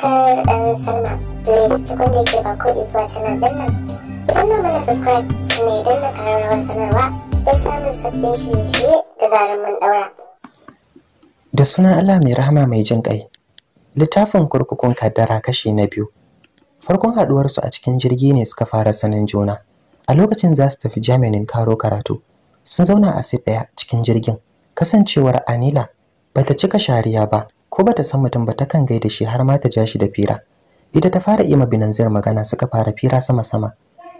subscribe and sign up. Please tukun da yake ba ko zuwa canal din nan. Ki danna mana subscribe sannan idan na kararrawar sanarwa don samun sabbin shirye-shirye da zarar mun daura. Da sunan Allah mai rahama mai jin ƙai. Littafin kurkukun kaddara kashi na biyu. Farkon haɗuwarsu a cikin jirgi ne suka fara sanin juna. A lokacin za su tafi Jami'in karo karatu. Sun zauna a sit ɗaya cikin jirgin. Kasancewar Anila Ba ta cika shariya ba, ko bata san mutum ba takan gaida shi har ma ta ja shi da fira ita ta fara ima binanzir magana suka fara fira sama sama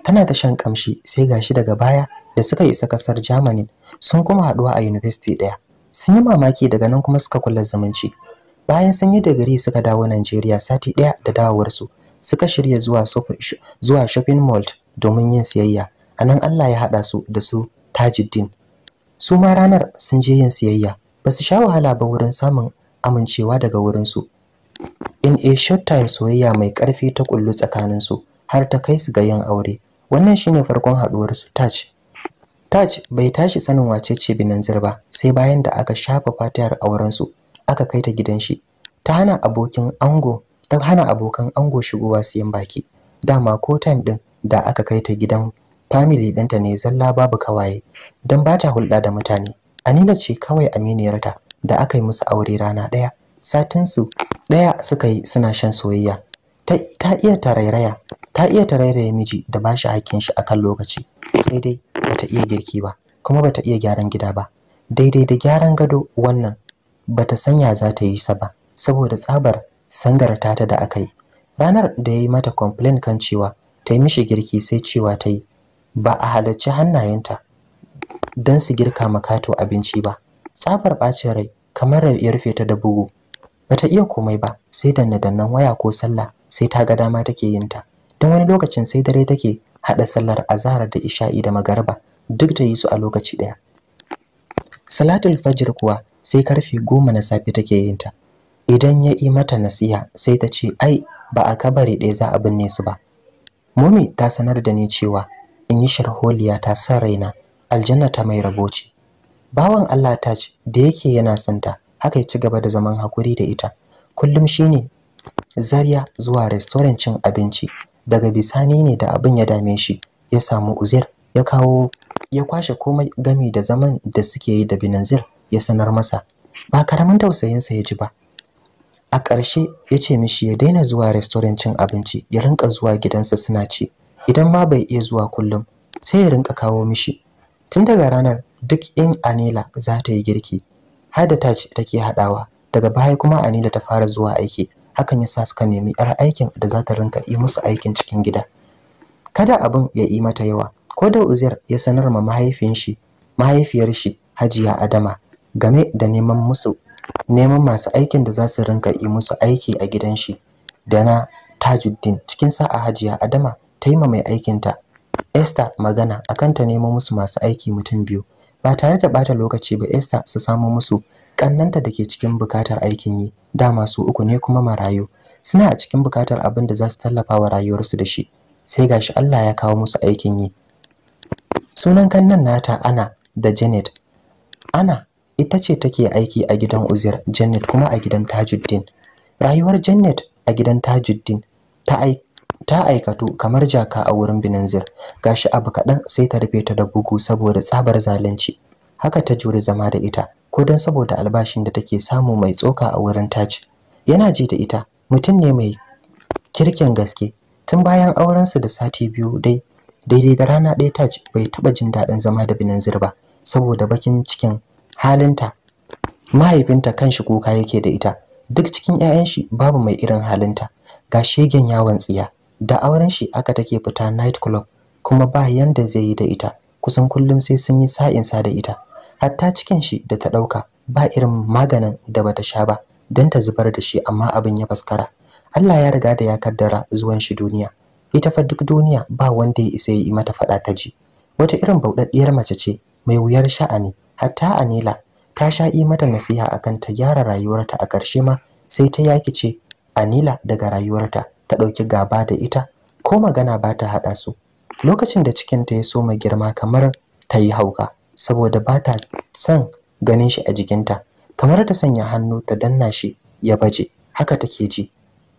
tana ta shan kamshi sai gashi daga baya da suka isa kasar Germany sun kuma haduwa a university daya sun yi mamaki daga nan kuma suka kula zumunci bayan sun yi digiri suka dawo Najeriya sati daya da dawowarsu suka shirya zuwa zuwa shopping mall domin yin siyayya a nan Allah ya haɗa su da su Tajuddin su ma ranar sun je yin siyayya ba su sha wahala ba wurin samun amincewa daga wurinsu in a short time soyayya mai ƙarfi ta kullu tsakaninsu har ta kai su ga yin aure wannan shine farkon haɗuwarsu touch Touch bai tashi sanin wace ce Binanzir ba sai bayan da aka shafa fatiyar aurensu aka kai ta gidan shi. Ta hana abokin ango, ta hana abokan ango shigowa siyan baki. Dama ko time din da aka kai ta gidan family ɗinta ne zalla babu kawaye don ba ta hulɗa da mutane. Anila ce kawai aminiyarta da aka yi musu aure rana ɗaya satinsu ɗaya suka yi suna shan soyayya ta iya tarairaya ta iya tarairaya miji da ba shi hakkin shi akan lokaci sai dai ba ta iya girki ba kuma ba ta iya gyaran gida ba daidai da gyaran gado wannan ba ta sanya za ta yi sa ba saboda tsabar sangar ta da aka yi ranar da ya yi mata complain kan cewa ta yi mishi girki sai cewa ta yi ba a halarci hannayenta don su girka makato abinci ba tsabar bacin rai kamar ya rufe ta da bugu bata iya komai ba sai danna dannan waya ko sallah sai ta ga dama take yin ta don wani lokacin sai dare take hada sallar azhar da isha'i da magarba duk da yi su a lokaci daya salatul fajr kuwa sai karfe goma na safe take yin ta idan ya yi mata nasiha sai ta ce ai ba a kabari ɗaya za a binne su ba mumi ta sanar da ni cewa in yi sharholiya ta sa raina aljanna ta mai raboci. bawan Allah ta ce da yake yana santa haka ya ci gaba da zaman hakuri da ita kullum shine zarya zuwa restaurant cin abinci daga bisani ne da abin ya dame shi ya samu uzir ya kawo ya kwashe komai gami da zaman da suke yi da binanzir ya sanar masa ba karamin tausayinsa ya ji ba a ƙarshe ya ce mishi ya daina zuwa restaurant cin abinci ya rinka zuwa gidansa suna ci idan ma bai iya zuwa kullum sai ya rinka kawo mishi tun daga ranar duk in anila za ta yi girki har da ta take haɗawa daga baya kuma anila ta fara zuwa aiki hakan ya sa suka nemi yar aikin da za ta rinka yi musu aikin cikin gida kada abin ya yi mata yawa ko da uziyar ya sanar ma mahaifin shi mahaifiyar shi hajiya adama game da neman musu neman masu aikin da za su rinka yi musu aiki a gidan shi da na tajuddin cikin sa'a hajiya adama ta yi ma mai aikinta Esther magana akan ta nemo musu masu aiki mutum biyu ba tare da bata lokaci ba Esther su samo musu kannanta ke cikin bukatar aikin yi da masu uku ne kuma marayu suna a cikin bukatar abin da za su tallafa wa rayuwarsu da shi sai gashi Allah ya kawo musu aikin yi sunan kannan nata ana da Janet ana ita ce take aiki a gidan Uzair Janet kuma a gidan Tajuddin rayuwar Janet a gidan Tajuddin ta ta aikatu kamar jaka a wurin binanzir gashi abu kaɗan sai ta rufe ta da bugu saboda tsabar zalunci haka ta jure zama da ita ko don saboda albashin da take samu mai tsoka a wurin taci yana ji da ita mutum ne mai kirkin gaske tun bayan aurensu da sati biyu dai daidai da rana ɗaya taci bai taɓa jin daɗin zama da binanzir ba saboda bakin cikin halinta mahaifinta kanshi kuka yake da ita duk cikin 'ya'yan shi babu mai irin halinta ga shegen yawon tsiya da auren shi aka take fita night club kuma ba yanda zai yi da ita kusan kullum sai sun yi sa'insa da ita hatta cikin shi da ta ɗauka ba irin maganin da bata sha ba don ta zubar da shi amma abin ya faskara Allah ya riga da ya kaddara zuwan shi duniya ita fa duk duniya ba wanda ya isa yi mata faɗa ta ji wata irin bauɗaɗɗiyar mace ce mai wuyar sha'ani hatta Anila ta sha yi mata nasiha akan ta gyara rayuwarta a ƙarshe ma sai ta yaki ce Anila daga rayuwarta ta ɗauki gaba da ita ko magana ba ta haɗa su lokacin da cikinta ya so soma girma kamar ta yi hauka saboda ba ta son ganin shi a jikinta kamar ta sanya hannu ta danna shi ya baje haka take ji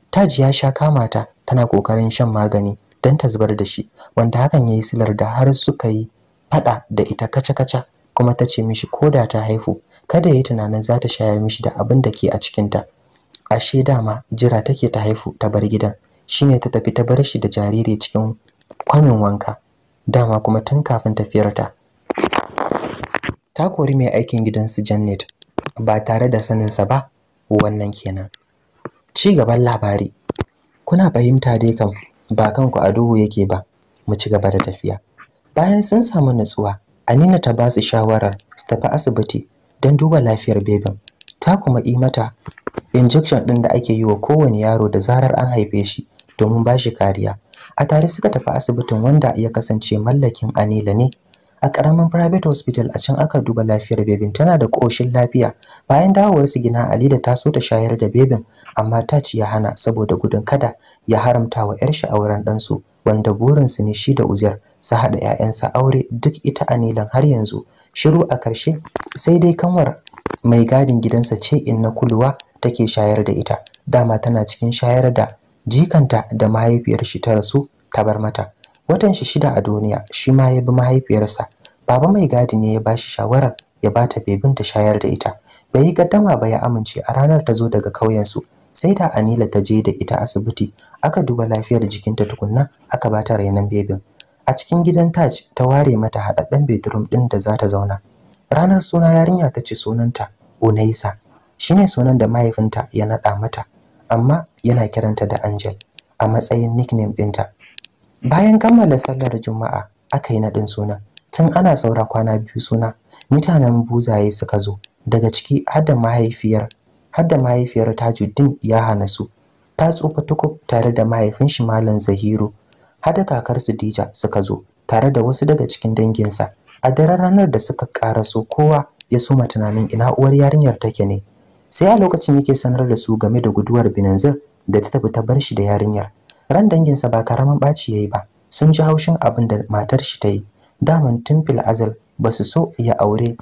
taji ya sha kama ta tana kokarin shan magani don ta zubar da shi wanda hakan ya yi silar da har suka yi faɗa da ita kaca-kaca kuma ta ce mishi ko da ta haifu kada ya yi tunanin za ta shayar mishi da abin da ke a cikinta ashe dama jira take ta haifu ta bar gidan shine ta tafi ta bar shi da jariri cikin kwamin wanka dama kuma tun kafin tafiyarta ta ta kori mai aikin gidan su Janet ba tare da sanin sa ba wannan kenan ci gaban labari kuna fahimta dai kam ba kanku ku duhu yake ba mu ci gaba da tafiya bayan sun samu nutsuwa Anina ta ba su shawarar su tafi asibiti don duba lafiyar bebin ta kuma yi mata injection ɗin da ake yi wa kowane yaro da zarar an haife shi domin ba shi kariya a tare suka tafi asibitin wanda ya kasance mallakin anila ne a ƙaramin private hospital a can aka duba lafiyar bebin tana da ƙoshin lafiya bayan dawowar su gina alida ta so ta shayar da bebin amma ta ci ya hana saboda gudun kada ya haramta wa 'yar auren ɗansu wanda su ne shi da uzair su haɗa 'ya'yansa aure duk ita anilan har yanzu shiru a ƙarshe sai dai kanwar mai gadin gidansa ce inna kulwa take shayar da ita dama tana cikin shayar da jikanta da mahaifiyar shi ta rasu ta bar mata watan shi shida a duniya shi ma ya bi mahaifiyarsa baba mai gadi ne ya ba shi shawarar ya ba ta bebin ta shayar da ita bai yi gaddama ba ya amince a ranar ta zo daga kauyensu sai da anila ta je da ita asibiti aka duba lafiyar jikinta tukunna aka ba ta rainon bebin a cikin gidan taj ta ware mata haɗaɗɗen bedroom ɗin da za ta zauna ranar suna yarinya ta ce sunanta unaisa shine sunan da mahaifinta ya naɗa mata amma yana kiranta da angel a matsayin nickname ɗinta bayan kammala sallar juma'a aka yi naɗin suna tun ana saura kwana biyu suna mutanen buzaye suka zo daga ciki har da mahaifiyar har da mahaifiyar tajuddin ya hana su ta tsufa tukub tare da mahaifin shi malam zahiru har da kakar su dija suka zo tare da wasu daga cikin danginsa a daren ranar da suka su kowa ya soma tunanin ina uwar yarinyar take ne sai a lokacin yake sanar da su game da guduwar binanzir da ta tafi ta bar shi da yarinyar ran danginsa ba karaman ɓaci yayi ba sun ji haushin abin da matar shi ta yi daman tun fil azal ba su so ya aure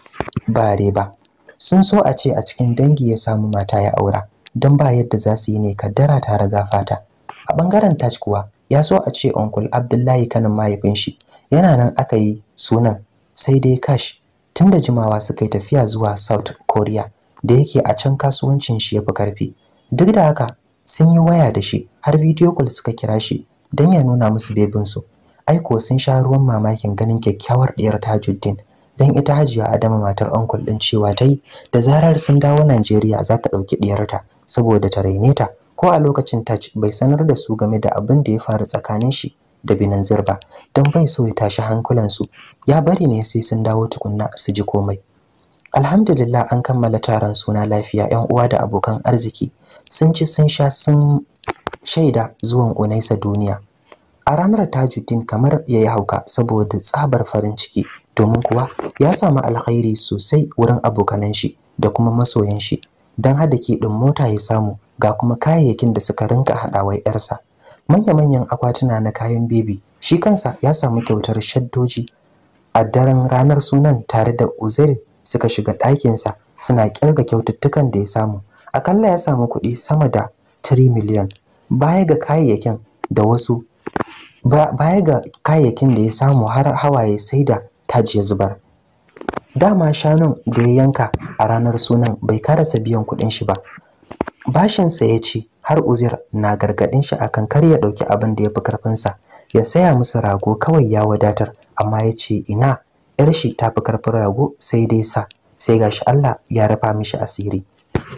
bare ba sun so a ce a cikin dangi ya samu mata ya aura don ba yadda za su yi ne kaddara ta riga fata a ɓangaren taj kuwa ya so a ce onkul abdullahi kanin mahaifin shi yana nan aka yi sunan sai dai kash tun da jimawa suka yi tafiya zuwa South Korea da yake a can kasuwancin shi ya fi karfi. Duk da haka sun yi waya da shi har video call suka kira shi don ya nuna musu bebinsu. Aiko sun sha ruwan mamakin ganin kyakkyawar ɗiyar Tajuddin don ita Hajiya Adama matar uncle ɗin cewa ta yi da zarar sun dawo Najeriya za ta ɗauki ɗiyarta saboda ta raine ta ko a lokacin Taj bai sanar da su game da abin da ya faru tsakanin shi da binin zirba don bai so ya tashi hankulansu ya bari ne sai sun dawo tukunna su ji komai alhamdulillah an kammala taron suna lafiya yan uwa da abokan arziki sun ci sun sha sun shaida zuwan unaisa duniya a ranar tajuddin kamar ya yi hauka saboda tsabar farin ciki domin kuwa ya samu alkhairi sosai wurin abokanan shi da kuma masoyan shi don hada ke ɗin mota ya samu ga kuma kayayyakin da suka rinka haɗawa 'yarsa manya-manyan akwatuna na kayan bebe shi kansa ya samu kyautar shaddoji a daren ranar sunan tare da uzair suka shiga ɗakinsa suna kirga kyaututtukan da ya samu akalla ya samu kuɗi sama da 3 miliyan baya ga kayayyakin da wasu baya ga kayayyakin da ya samu har hawaye sai da taji ya zubar dama shanun da ya yanka a ranar sunan bai karasa biyan kuɗin shi ba bashinsa ya ce har uzir na gargadin shi akan kar ya dauki abin da yafi karfin ya saya musu rago kawai ya wadatar amma ya ce ina yar shi ta fi karfin rago sai dai sa sai gashi Allah ya rafa mishi asiri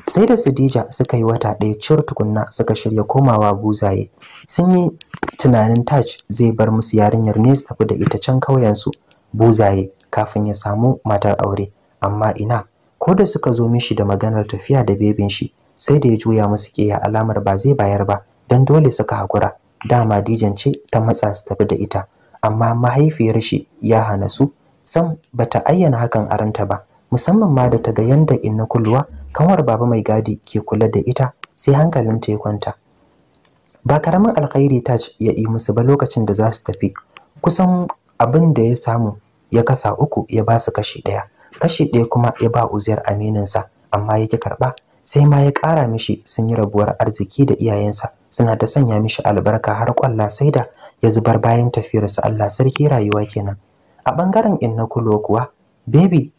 sai da Sadija suka yi wata ɗaya cir tukunna suka shirya komawa buzaye sun yi tunanin Taj zai bar musu yarinyar ne su tafi da ita can kauyensu buzaye kafin ya samu matar aure amma ina ko da suka zo mishi da maganar tafiya da bebin shi sai da ya juya musu keya alamar ba zai bayar ba don dole suka hakura dama dijan ce ta matsa su tafi da ita amma mahaifiyar shi ya hana su sam bata ayyana hakan ranta ba musamman ma da ta ga yanda inna kulluwa kamar baba mai gadi ke kula da ita sai hankalin ta ya kwanta ba karamin alkhairi ta ya yi musu ba lokacin da za su tafi kusan abin da ya samu ya kasa uku ya ba su kashi ɗaya kashi ɗaya kuma ya ba uziyar aminin sa amma yake karɓa sai ma ya ƙara mishi sun yi rabuwar arziki da iyayensa suna ta sanya mishi albarka har kwalla sai da ya zubar bayan tafiyarsu Allah sarki rayuwa kenan a bangaren inna kulo kuwa baby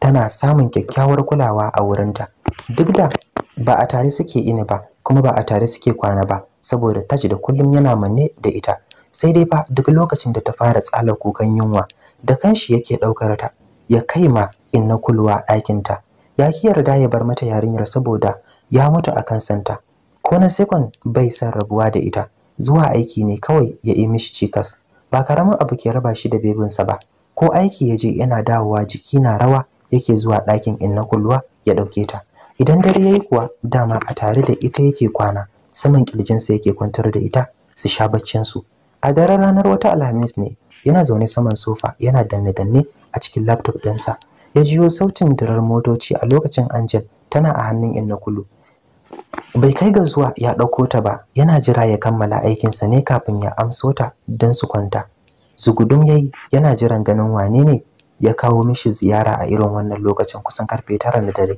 tana samun kyakkyawar kulawa a wurinta duk da ba a tare suke ini ba kuma ba a tare suke kwana ba saboda taj da kullum yana manne da ita sai dai ba duk lokacin da ta fara tsala kukan yunwa da kanshi yake ɗaukar ta ya kai ma inna kulwa ɗakinta ya ki yarda ya bar mata yarinyar saboda ya mutu a kan santa ko na sekon bai san rabuwa da ita zuwa aiki ne kawai ya yi mishi cikas ba karamin abu ke raba shi da bebinsa ba ko aiki ya je yana dawowa jiki na rawa yake zuwa ɗakin in na kulluwa ya ɗauke ta idan dare ya yi kuwa dama a tare da ita yake kwana saman kirjinsa yake kwantar da ita su sha baccinsu a daren ranar wata alhamis ne yana zaune saman sofa yana danne-danne a cikin laptop ɗinsa ya jiyo sautin durar motoci a lokacin Angel tana a hannun na Kulu. Bai kai ga zuwa ya ɗauko ta ba, yana jira ya kammala aikinsa ne kafin ya amso ta don su kwanta. Zugudun yayi yana jiran ganin wane ne ya kawo mishi ziyara a irin wannan lokacin kusan karfe tara na dare.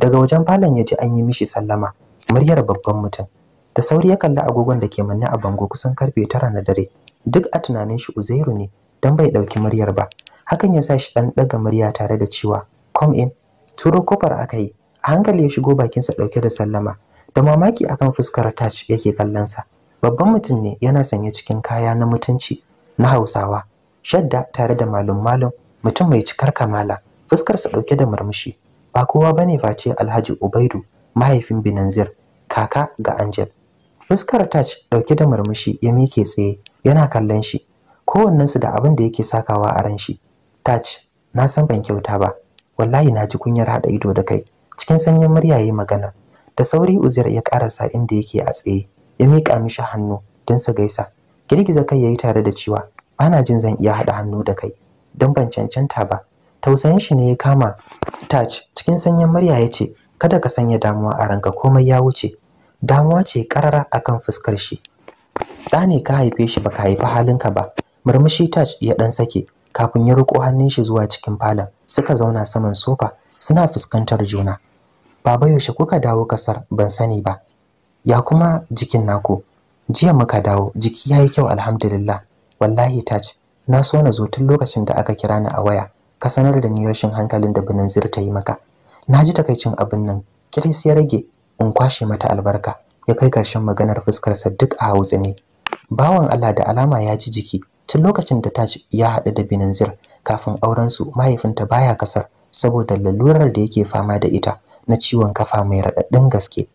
Daga wajen falon ya ji an yi mishi sallama, muryar babban mutum. Da sauri ya kalli agogon da ke manne a bango kusan karfe tara na dare. Duk a tunanin shi Uzairu ne, don bai ɗauki muryar ba. hakan ya sa shi ɗan ɗaga murya tare da cewa come in turo kofar aka yi a hankali ya shigo bakinsa ɗauke da sallama da mamaki akan fuskar touch yake kallon sa babban mutum ne yana sanye cikin kaya na mutunci na hausawa shadda tare da malum malum mutum mai cikar kamala fuskar sa ɗauke da murmushi ba kowa bane face alhaji ubaidu mahaifin binanzir kaka ga angel fuskar touch ɗauke da murmushi ya mike tsaye yana kallon shi kowannensu da abin da yake sakawa a ran shi Taj, na san ban kyauta ba. Wallahi na ji kunyar haɗa ido da kai. Cikin sanyin murya yi magana. Da sauri Uzair ya karasa inda yake a tsaye. Ya miƙa mishi hannu don sa gaisa. Girgiza kai yayi tare da cewa bana jin zan iya haɗa hannu da kai don ban cancanta ba. Tausayin shi ne ya kama Taj cikin sanyin murya ya ce kada ka sanya damuwa a ranka komai ya wuce. Damuwa ce karara akan fuskar shi. Ɗa ne ka haife shi baka haifi halinka ba. Murmushi Taj ya ɗan sake kafin ya riko hannun shi zuwa cikin falon suka zauna saman sofa suna fuskantar juna baba yaushe kuka dawo kasar ban sani ba ya kuma jikin naku jiya muka dawo jiki yayi kyau alhamdulillah wallahi taj na so na zo tun lokacin da aka kira ni a waya ka sanar da ni rashin hankalin da binin zir ta yi maka na ji takaicin abin nan kiris ya rage in kwashe mata albarka ya kai karshen maganar fuskarsa duk a hautsi ne bawan Allah da alama ya ji jiki tun lokacin da Taj ya haɗu da Binanzir kafin auren su mahaifinta baya kasar saboda lalurar da yake fama da ita na ciwon kafa mai raɗaɗin gaske.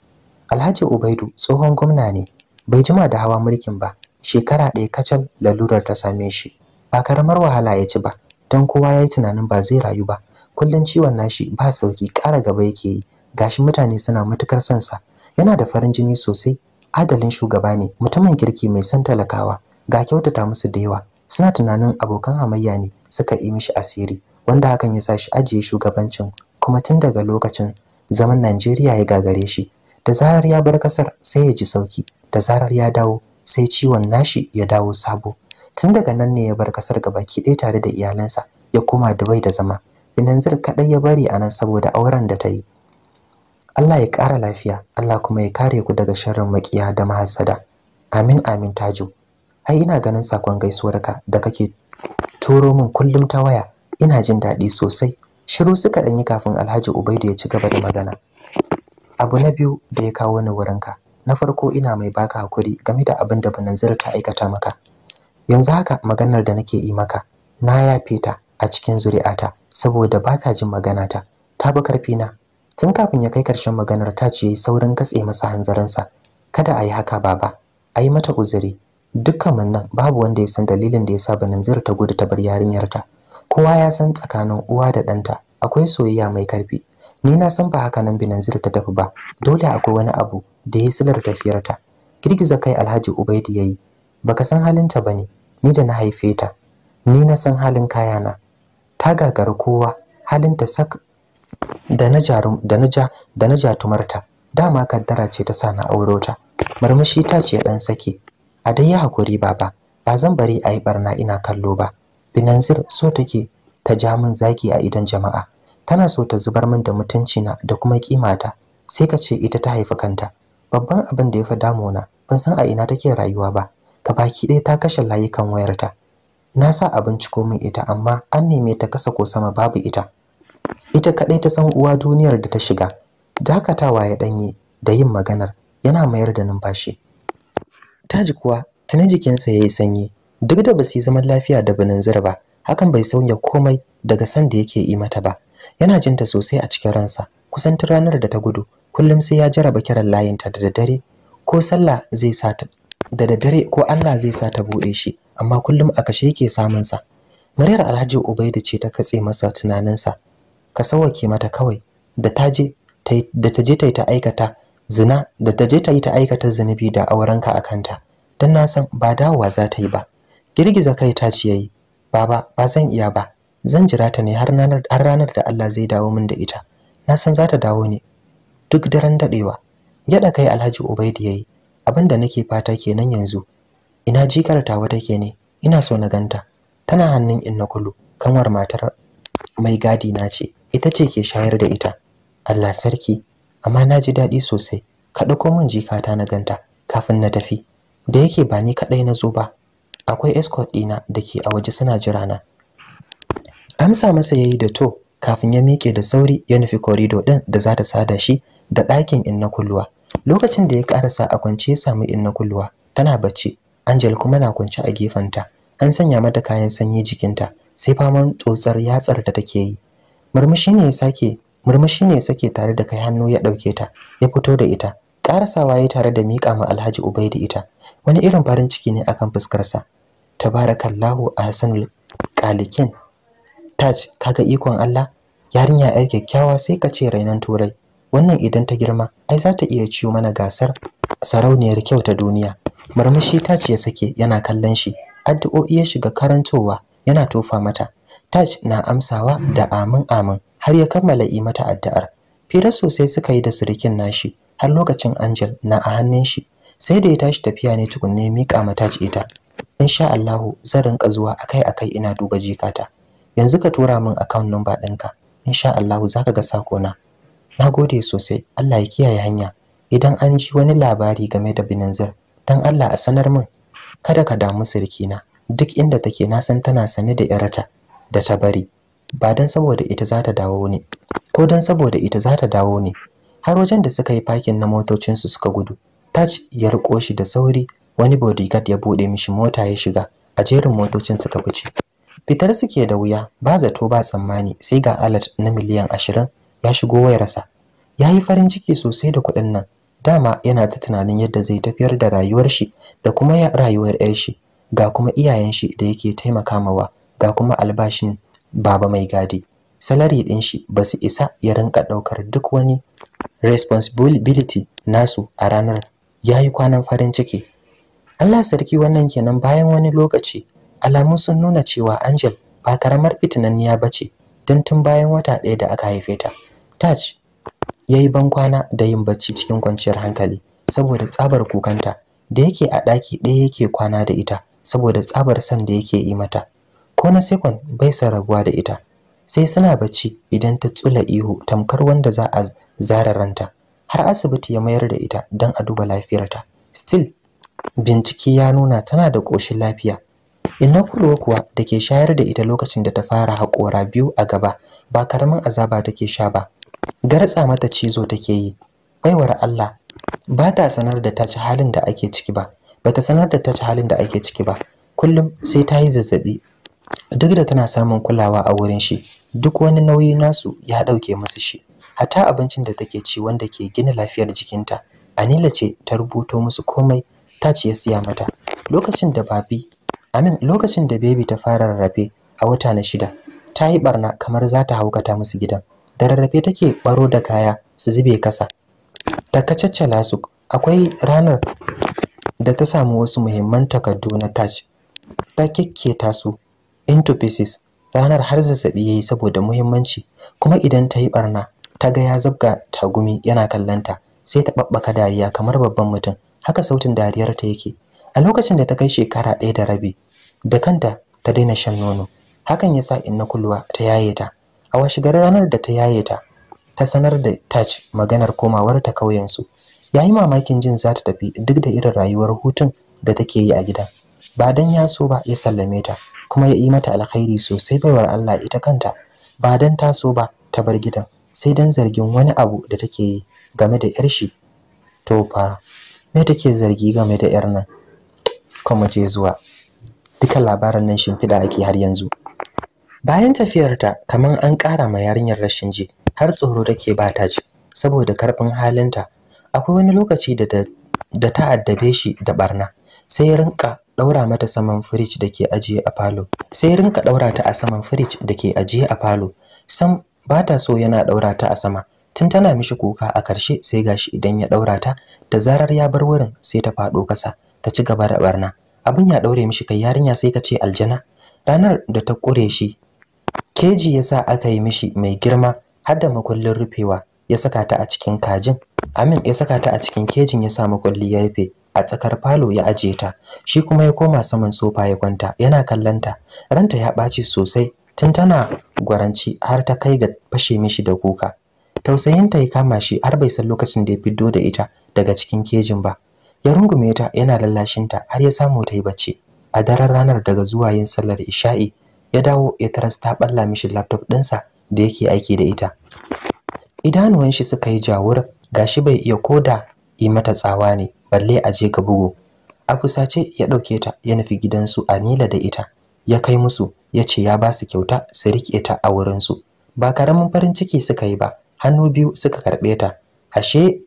Alhaji Ubaidu tsohon gwamna ne bai jima da hawa mulkin ba shekara ɗaya kacal lalurar ta same shi ba karamar wahala ya ci ba don kowa ya yi tunanin ba zai rayu ba kullum ciwon nashi ba sauki ƙara gaba yake yi gashi mutane suna matukar son sa yana da farin jini sosai adalin shugaba ne mutumin kirki mai son talakawa ga kyautata musu da yawa suna tunanin abokan hamayya ne suka yi mishi asiri wanda hakan ya sa shi ajiye shugabancin kuma tun daga lokacin zaman Najeriya ya gagare shi da zarar ya bar kasar sai ya ji sauki da zarar ya dawo sai ciwon nashi ya dawo sabo tun daga nan ne ya bar kasar gabaki ɗaya tare da iyalansa ya koma Dubai da zama Binanzir kaɗai ya bari a nan saboda auren da ta yi Allah ya ƙara lafiya Allah kuma ya kare ku daga sharrin makiya da mahasada amin amin tajo ai ina ganin sakon gaisuwarka da kake turo min kullum ta waya ina jin daɗi sosai shiru suka danyi kafin alhaji ubaidu ya ci gaba da magana abu na biyu da ya kawo ni wurinka na farko ina mai baka hakuri game da abin da bananzir ta aikata maka yanzu haka maganar da nake yi maka na yafe ta a cikin zuri'ata saboda ba ta jin magana ta Ta bi na. tun kafin ya kai karshen maganar ta ce saurin katse masa hanzarinsa kada a yi haka baba a yi mata uzuri dukkanmu nan babu wanda ya san dalilin da ya sa Bananzir ta gudu ta bar yarinyarta kowa ya san tsakanin uwa da ɗanta akwai soyayya mai karfi ni na san ba haka nan Bananzir ta tafi ba dole akwai wani abu da ya silar tafiyarta girgiza kai Alhaji Ubaidi yayi baka san halin halinta bane ni da na haife ta ni na san halin kayana ta gagara kowa halinta sak da na jarum da na ja da na jatumarta dama kaddara ce ta sa na auro ta ta ce dan sake a dai ya hakuri baba ba zan bari a yi barna ina kallo ba binanzir so take ta ja min zaki a idan jama'a tana so ta zubar min da mutunci na da kuma kimata sai ka ce ita ta haifi kanta babban abin da ya fi damuna ban san a ina take rayuwa ba ka baki ɗaya ta kashe layukan wayarta na sa abinci ciko min ita amma an neme ta kasa ko sama babu ita ita kaɗai ta san uwa duniyar da ta shiga dakatawa ya ɗanye da yin maganar yana mayar da numfashi taji kuwa tuni jikinsa ya yi sanyi duk da basu yi zaman lafiya da zira ba hakan bai sauya komai daga san da yake yi mata ba yana jinta sosai a cikin ransa kusan tun ranar da ta gudu kullum sai ya jaraba kiran layinta da daddare ko sallah zai sa ta da daddare ko Allah zai sa ta bude shi amma kullum a kashe yake samun sa Alhaji Ubaidu ce ta katse masa tunaninsa ka sawake mata kawai da taje da taje ta aikata zina da ta je ta yi ta aikata zunubi da aurenka a kanta don na san ba dawowa za ta yi ba girgiza kai ta ce yayi baba ba zan iya ba zan jira ta ne har ranar da Allah zai dawo min da ita na san za ta dawo ne duk daren dadewa gyada kai Alhaji Ubaidi yayi abinda nake fata kenan yanzu ina jikar tawa take ne ina so na ganta tana hannun inna kulu kanwar matar mai gadi na ce ita ce ke shayar da ita Allah sarki amma na ji daɗi sosai ka ɗauko min jikata na ganta kafin na tafi da yake ba ni kaɗai na zo ba akwai escort ɗina da ke a waje suna jira na amsa masa yayi da to kafin ya miƙe da sauri ya nufi korido ɗin da za ta sada shi da ɗakin na kulluwa lokacin da ya ƙarasa a kwance ya samu na kulluwa tana bacci angel kuma na kwance a gefenta an sanya mata kayan sanyi jikinta sai faman tsotsar yatsar da take yi murmushi ne ya sake murmushi ne sake tare da kai hannu ya dauke ta ya fito da ita karasawa ya tare da mika ma Alhaji ubaidi ita wani irin farin ciki ne akan fuskarsa tabarakallahu ahsanul qalikin taj kaga ikon Allah yarinya yar kyakkyawa sai ka ce rainan turai wannan idan ta girma ai za ta iya ciyo mana gasar sarauniyar kyau ta duniya murmushi taj ya sake yana kallon shi addu'o'i ya shiga karantowa yana tofa mata taj na amsawa da amin amin har ya kammala yi mata addu'ar fira sosai suka yi da surikin nashi har lokacin angel na a hannun shi sai da ya tashi tafiya ne tukunne ya miƙa mata ita insha Allahu zan rinka zuwa akai-akai ina duba jikata yanzu ka tura min account number ɗinka insha Allahu zaka ga sako na nagode sosai Allah ya kiyaye hanya idan an ji wani labari game da Binanzar, dan Allah a sanar min kada ka damu sirkina duk inda take na san tana sane da yarata da ta bari ba dan saboda ita za ta dawo ne ko dan saboda ita za ta dawo ne har wajen da suka yi fakin na motocinsu suka gudu touch ya riko shi da sauri wani bodyguard ya bude mishi mota ya shiga a jerin motocin suka fice fitar suke da wuya ba zato ba tsammani sai ga alert na miliyan ashirin ya shigo wayarsa ya yi farin ciki sosai da kuɗin nan dama yana ta tunanin yadda zai tafiyar da rayuwar shi da kuma rayuwar 'yar shi ga kuma iyayen shi da yake taimaka mawa ga kuma albashin baba mai gadi salari din shi ba su isa ya rinka daukar duk wani responsibility nasu a ranar yayi kwanan farin ciki Allah sarki wannan kenan bayan wani lokaci alamu sun nuna cewa Angel ba karamar fitinanniya bace don tun bayan wata ɗaya da aka haife ta Taj yayi kwana da yin bacci cikin kwanciyar hankali saboda tsabar kukanta da yake a ɗaki ɗaya yake kwana da ita saboda tsabar san da yake yi mata ko na sekon bai rabuwa da ita sai suna bacci idan ta tsula ihu tamkar wanda za a zararanta ranta har asibiti ya mayar da ita don a duba lafiyarta still bincike ya nuna tana da ƙoshin lafiya inna kuwa kuwa da ke shayar da ita lokacin da ta fara haƙora biyu a gaba ba karamin azaba take sha ba Garatsa mata cizo take yi baiwar Allah ba ta sanar da ta halin da ake ciki ba Bata sanar da ta halin da ake ciki ba kullum sai ta yi zazzabi duk da tana samun kulawa a wurin shi duk wani nauyi nasu ya ɗauke musu shi Hata abincin da take ci wanda ke gina lafiyar jikinta anila ce ta rubuto musu komai ta ce ya siya mata lokacin da babi amin lokacin da baby ta fara rarrafe a wata na shida ta yi barna kamar za ta haukata musu gidan da rarrafe take baro da kaya su zube kasa ta kacaccala su akwai ranar da ta samu wasu muhimman takardu na taj ta kyakketa su into pieces ranar har zazzabi yayi saboda muhimmanci kuma idan ta yi barna ta ga ya zabga tagumi yana kallanta sai ta babbaka dariya kamar babban mutum haka sautin dariyar ta yake a lokacin da ta kai shekara ɗaya da rabi da kanta ta daina shan nono hakan ya sa inna kulwa ta yaye ta a washegar ranar da ta yaye ta ta sanar da Taj maganar komawar ta kauyensu yi mamakin jin za ta tafi duk da irin rayuwar hutun da take yi a gidan. ba don ya so ba ya sallame ta kuma ya yi mata alkhairi sosai baiwar Allah ita kanta ba dan taso ba ta bar gidan sai dan zargin wani abu da take yi game da yar shi to fa me take zargi game da yar nan kuma je zuwa duka labarin nan shimfiɗa ake har yanzu bayan tafiyarta kamar an ƙara ma yarinyar rashin ji har tsoro take ba ta ji saboda karfin halinta akwai wani lokaci da da ta addabe shi da barna sai ya rinka ɗaura mata saman firij da ke ajiye a falo sai rinka ɗaura ta a saman firij da ke ajiye a falo sam ba ta so yana ɗaura ta a sama tun tana mishi kuka a ƙarshe sai gashi idan ya ɗaura ta da zarar ya bar wurin sai ta faɗo ƙasa ta ci gaba da barna abin ya ɗaure mishi kai yarinya sai ka ce aljana ranar da ta ƙure shi keji ya sa aka yi mishi mai girma har da makullin rufewa ya saka ta a cikin kajin amin ya saka ta a cikin kejin ya sa makulli ya rufe a tsakar falo ya ajiye ta shi kuma ya koma saman sofa ya kwanta yana kallon ta ranta ya ɓaci sosai tun tana gwaranci har ta kai ga fashe mishi da kuka Tausayin ta ya kama shi har bai san lokacin da ya fiddo da ita daga cikin kejin ba ya rungume ta yana ta, har ya samu ta yi bacci a daren ranar daga zuwa yin sallar isha'i ya dawo ya taras ta balla mishi laptop ɗinsa da yake aiki da ita idanuwan shi suka yi jawur gashi bai iya koda yi mata tsawa ne balle a je ka bugu a ce ya ɗauke ta ya nufi gidansu Nila da ita ya kai musu ya ce ya ba su kyauta su riƙe ta a wurinsu ba karamin farin ciki suka yi ba hannu biyu suka karɓe ta ashe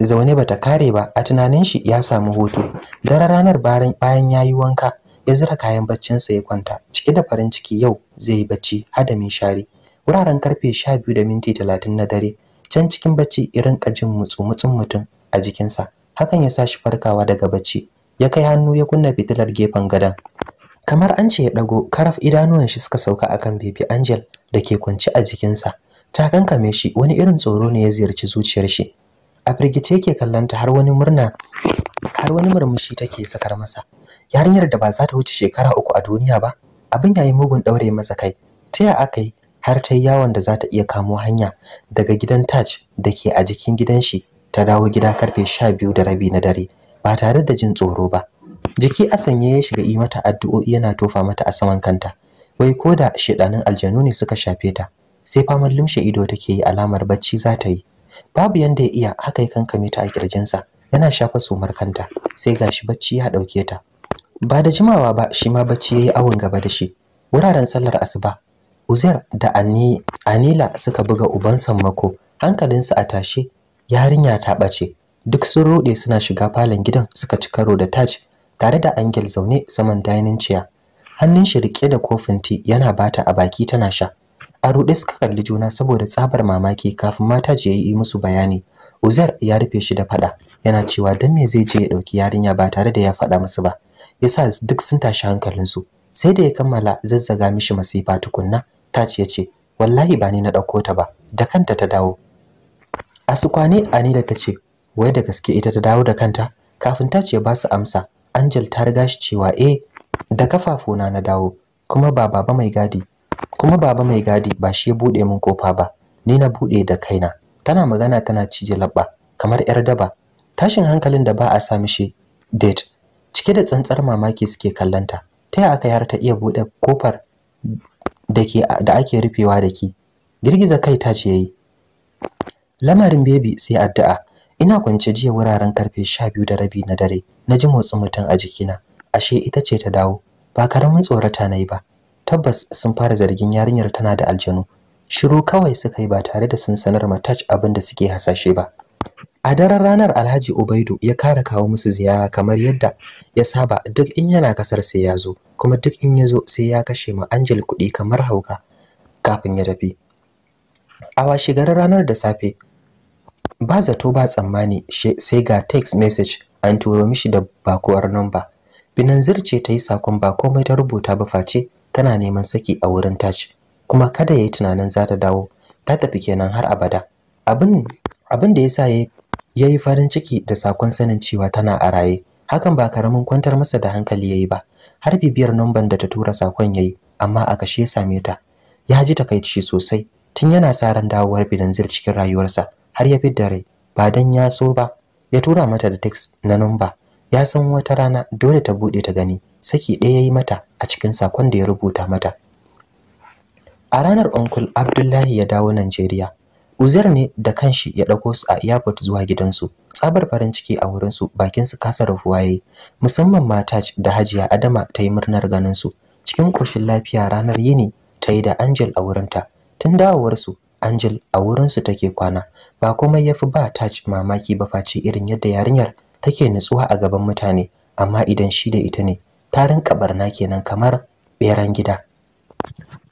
zaune bata kare ba a tunanin shi ya samu hoto. dare ranar bayan yayi wanka ya zura kayan baccin sa ya kwanta cike da farin ciki yau zai yi bacci hada shari share wuraren karfe sha biyu da minti talatin na dare can cikin bacci irin kajin mutsu-mutsun mutum a jikinsa hakan ya sa shi farkawa daga bacci ya kai hannu ya kunna fitilar gefen gadon kamar an ce ya dago karaf idanuwan shi suka sauka akan baby angel da ke kwance a jikinsa ta kankame shi wani irin tsoro ne ya ziyarci zuciyar shi a firgice yake kallanta har wani murna har wani murmushi take sakar masa yarinyar da ba za ta wuce shekara uku a duniya ba abin yayi mugun daure masa kai ta ya aka yi har ta yi yawon da za ta iya kamo hanya daga gidan taj da ke a jikin gidan shi ta dawo gida karfe sha biyu da rabi na dare ba tare da jin tsoro ba jiki a sanye ya shiga yi mata addu'o'i yana tofa mata a saman kanta wai ko da shedanin aljanu ne suka shafe ta sai faman lumshe ido take yi alamar bacci za ta yi babu yanda ya iya haka ya kankame ta a kirjinsa yana shafa sumar kanta sai gashi bacci ya dauke ta ba da jimawa ba shi ma bacci yayi awon gaba da shi wuraren sallar asuba Uzair da Anila suka buga uban sammako hankalinsu a tashe yarinya ta ɓace duk sun rode suna shiga falon gidan suka ci karo da taj tare da angel zaune saman dining chair hannun shi rike da kofin ti yana bata a baki tana sha a ruɗe suka kalli juna saboda tsabar mamaki kafin mata je yi musu bayani uzar ya rufe shi da fada yana cewa dan me zai je ya dauki yarinya ba tare da ya fada musu ba yasa duk sun tashi hankalin su sai da ya kammala zazzaga mishi masifa tukunna tace ya ce wallahi ba ni na dauko ta ba da kanta ta dawo a su kwane anila ta ce wai da gaske ita ta dawo da kanta kafin ta ce ba su amsa angel ta riga shi cewa eh da kafafuna na dawo kuma ba baba mai gadi kuma baba mai gadi ba shi ya bude min kofa ba ni na bude da kaina tana magana tana cije labba kamar yar daba tashin hankalin da ba a sa mishi date cike da tsantsar mamaki suke kallanta ta yaya aka yar ta iya bude kofar da ake rufewa da ki girgiza kai ta ce yayi lamarin baby sai addu'a ina kwance jiya wuraren karfe 12 da rabi na dare na ji motsin mutum a jikina ashe ita ce ta dawo ba karamin tsorata nayi ba tabbas sun fara zargin yarinyar tana da aljanu shiru kawai suka yi ba tare da sun sanar ma touch abin da suke hasashe ba a daren ranar Alhaji Ubaidu ya kara kawo musu ziyara kamar yadda ya saba duk in yana kasar sai ya zo kuma duk in ya zo sai ya kashe ma Angel kuɗi kamar hauka kafin ya tafi a washe garin ranar da safe ba zato ba tsammani sai ga text message an turo mishi da bakuwar namba binanzir ce ta yi sakon ba komai ta rubuta ba face tana neman saki a wurin tashi kuma kada ya yi tunanin za ta dawo ta tafi kenan har abada abin abin da yasa ya yi farin ciki da sakon sanin cewa tana a raye hakan ba karamin kwantar masa da hankali yayi ba har bibiyar numban da ta tura sakon yayi amma a kashe same ta ya ji takaici sosai tun yana sa ran dawowar binanzir cikin rayuwarsa har ya da rai ba dan ya so ba ya tura mata da text na number ya san wata rana dole ta bude ta gani saki ɗaya yi mata a cikin sakon da ya rubuta mata a ranar uncle Abdullahi ya dawo Najeriya Uzair ne da kanshi ya dauko su a airport zuwa gidansu. Tsabar farin ciki a wurin su bakin su kasa rufuwaye, musamman Mataj da Hajiya Adama ta yi murnar ganin su. Cikin koshin lafiya ranar yini ta yi da Angel a wurinta. Tun dawowarsu Angel a wurinsu take kwana ba komai yafi ba Taj mamaki ba face irin yadda yarinyar take nutsuwa a gaban mutane amma idan shi da ita ne ta rinka barna kenan kamar beran gida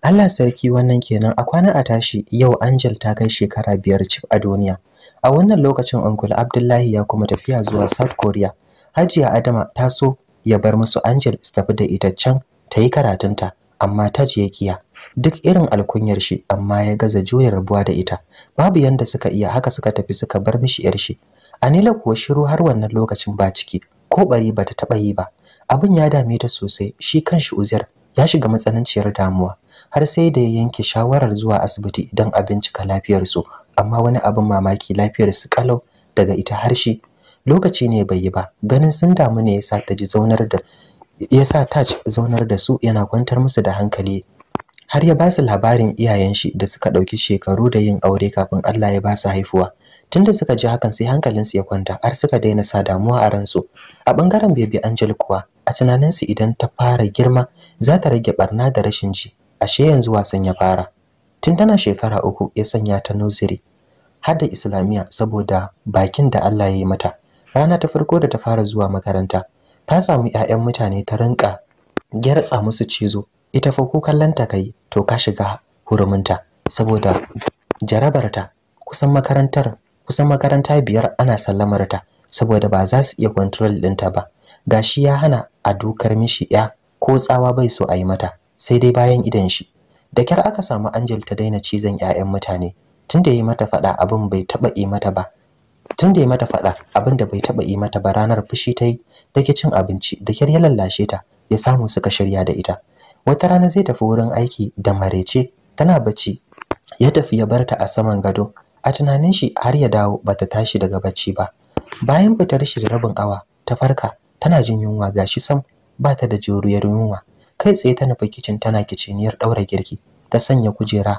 Allah sarki wannan kenan a kwana a tashi yau Angel ta kai shekara biyar cif a duniya a wannan lokacin Uncle Abdullahi ya kuma tafiya zuwa South Korea Hajiya Adama ta so ya bar musu Angel su tafi da ita can ta yi karatunta amma Taj ya kiya duk irin alkunyar shi amma ya gaza jure rabuwa da ita babu yanda suka iya haka suka tafi suka bar mishi yar shi Anila kuwa shiru har wannan lokacin ba ciki ko bari bata taba yi ba abin ya dame ta sosai shi kanshi Uzair ya shiga matsananciyar damuwa har sai da ya yanke shawarar zuwa asibiti idan don a lafiyar su, amma wani abin mamaki lafiyar su kalau daga ita har shi lokaci ne bai yi ba ganin sun damu ne ya sa ta ji zaunar da zaunar da su yana kwantar musu da hankali har ya basu labarin iyayen shi da suka ɗauki shekaru da yin aure kafin Allah ya basu haifuwa tunda suka ji hakan sai hankalin su ya kwanta har suka daina sa damuwa a ransu a bangaren baby Angel kuwa a tunanin su idan ta fara girma za ta rage barna da rashin ji ashe yanzu wasan ya fara tun tana shekara uku ya sanya ta nursery har da islamiyya saboda bakin da Allah ya yi mata rana ta farko da ta fara zuwa makaranta ta samu 'ya'yan mutane ta rinka gyartsa musu cizo ita fa ko kallon ta kai to ka shiga huruminta saboda jarabarta kusan makarantar kusan makaranta biyar ana sallamar ta saboda ba za su iya control ta ba gashi ya hana a dukar mishi ya ko tsawa bai so a yi mata sai dai bayan idan shi da kyar aka samu Angel ta daina cizon 'ya'yan mutane tunda yi mata faɗa, abin bai taba yi mata ba tunda yi mata fada abin da bai taba yi mata ba ranar fushi ta yi take cin abinci da kyar ya lallashe ta ya samu suka shirya da ita wata rana zai tafi wurin aiki da marece tana bacci ya tafi ya barta a saman gado a tunanin shi har ya dawo bata tashi daga bacci ba bayan fitar shi da rabin awa ta farka tana jin yunwa gashi sam bata da juriyar yunwa kai tsaye ta nufi kicin tana kiciniyar ɗaura girki ta sanya kujera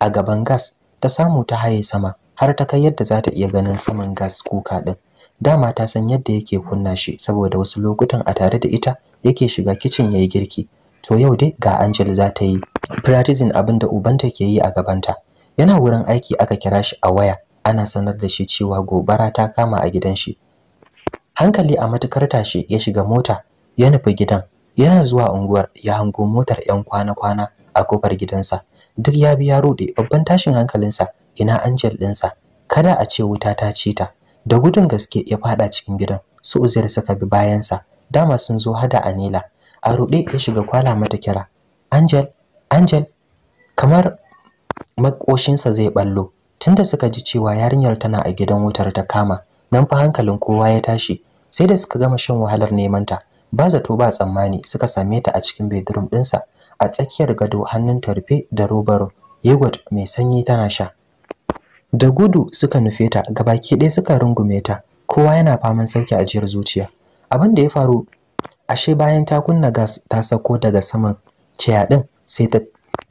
a gaban gas ta samu ta haye sama har ta kai yadda za ta iya ganin saman gas kuka din dama ta san yadda yake kunna shi saboda wasu lokutan a tare da ita yake shiga kicin yayi girki to yau dai ga Angel za ta yi practicing abin da ubanta ke yi a gabanta yana wurin aiki aka kira shi a waya ana sanar da shi cewa gobara ta kama a gidan shi hankali a matukar tashi ya shiga mota ya nufi gidan yana zuwa unguwar ya hango motar 'yan kwana-kwana a kofar gidansa duk ya bi ya rude babban tashin hankalinsa ina angel dinsa?" kada a ce wuta ta ci ta da gudun gaske ya fada cikin gidan su uzair suka bi bayansa dama sun zo hada anila a ruɗe ya shiga kwala mata kira angel angel kamar makoshinsa zai ballo tunda suka ji cewa yarinyar tana a gidan wutar ta kama nan fa hankalin kowa ya tashi sai da suka gama shan wahalar neman ta ba zato ba tsammani suka same ta a cikin bedroom ɗinsa a tsakiyar gado hannun ta rufe da robar yogurt mai sanyi tana sha da gudu suka nufe ta gabaki ɗaya suka rungume ta kowa yana faman sauki ajiyar zuciya abin da ya faru ashe bayan ta kunna gas ta sako daga saman ciya din sai ta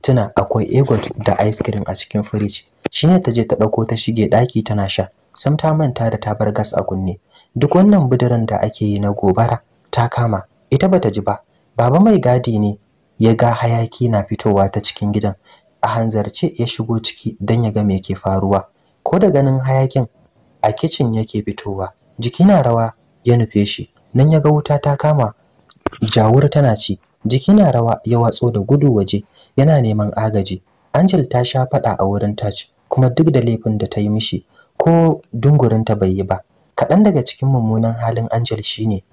tuna akwai egot da ice cream a cikin fridge shine ta je ta dauko ta shige daki tana sha sam ta manta da ta bar gas a kunne duk wannan bidiran da ake yi na gobara ta kama ita bata ji ba baba mai gadi ne ya ga hayaki na fitowa ta cikin gidan a hanzarce ya shigo ciki dan ya ga me ke faruwa ko da ganin hayakin a kicin yake fitowa jiki na rawa ya nufe shi nan ya ga wuta ta kama jawur tana ci jiki na rawa ya watso da gudu waje yana neman agaji angel ta sha faɗa a wurin touch kuma duk da laifin da ta yi mishi ko dungurinta bai yi ba kaɗan daga cikin mummunan halin angel shine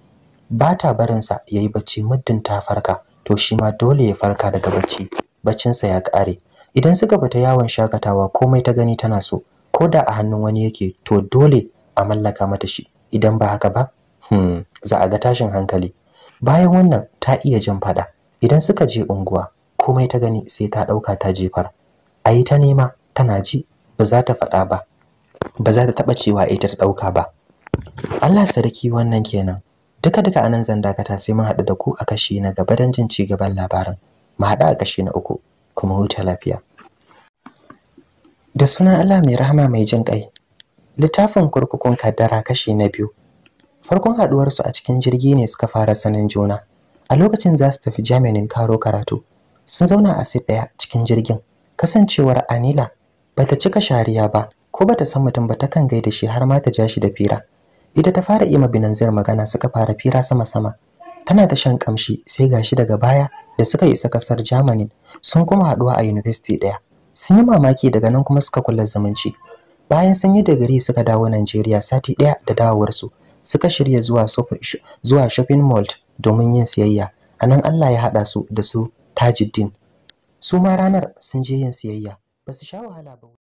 ba ta barinsa ya yi bacci muddin ta farka to shi ma dole ya farka daga bacci baccinsa ya ƙare idan suka fita yawon shakatawa komai ta gani tana so ko da a hannun wani yake to dole a mallaka mata shi idan ba haka ba hmm, za a ga tashin hankali bayan wannan ta iya jin fada idan suka je unguwa komai ta gani sai ta dauka ta jefar ayi ta nema tana ji ba za ta fada ba ba za ta taba cewa ita ta dauka ba Allah sarki wannan kenan duka duka anan zan dakata sai mun haɗu da ku a kashi na gaba dan jin ci gaban labarin mu haɗu a kashi na uku kuma huta lafiya da sunan Allah mai rahama mai jin kai littafin kurkukun kaddara kashi na biyu farkon haɗuwarsu a cikin jirgi ne suka fara sanin juna a lokacin za su tafi jaminin karo karatu sun zauna a sit ɗaya cikin jirgin kasancewar Anila ta cika shariya ba ko ba ta san mutum ba ta takan da shi har ma ta ja shi da fira ita ta fara ima binanzir magana suka fara fira sama sama tana ta shan kamshi sai gashi daga baya da suka isa kasar Germany sun kuma haɗuwa a university ɗaya sun yi mamaki daga nan kuma suka kula zumunci bayan sun yi digiri suka dawo Najeriya sati ɗaya da dawowarsu suka shirya zuwa zuwa shopping mall domin yin siyayya a nan Allah ya haɗa su da su tajiddin su ma ranar sun je yin siyayya ba su sha wahala ba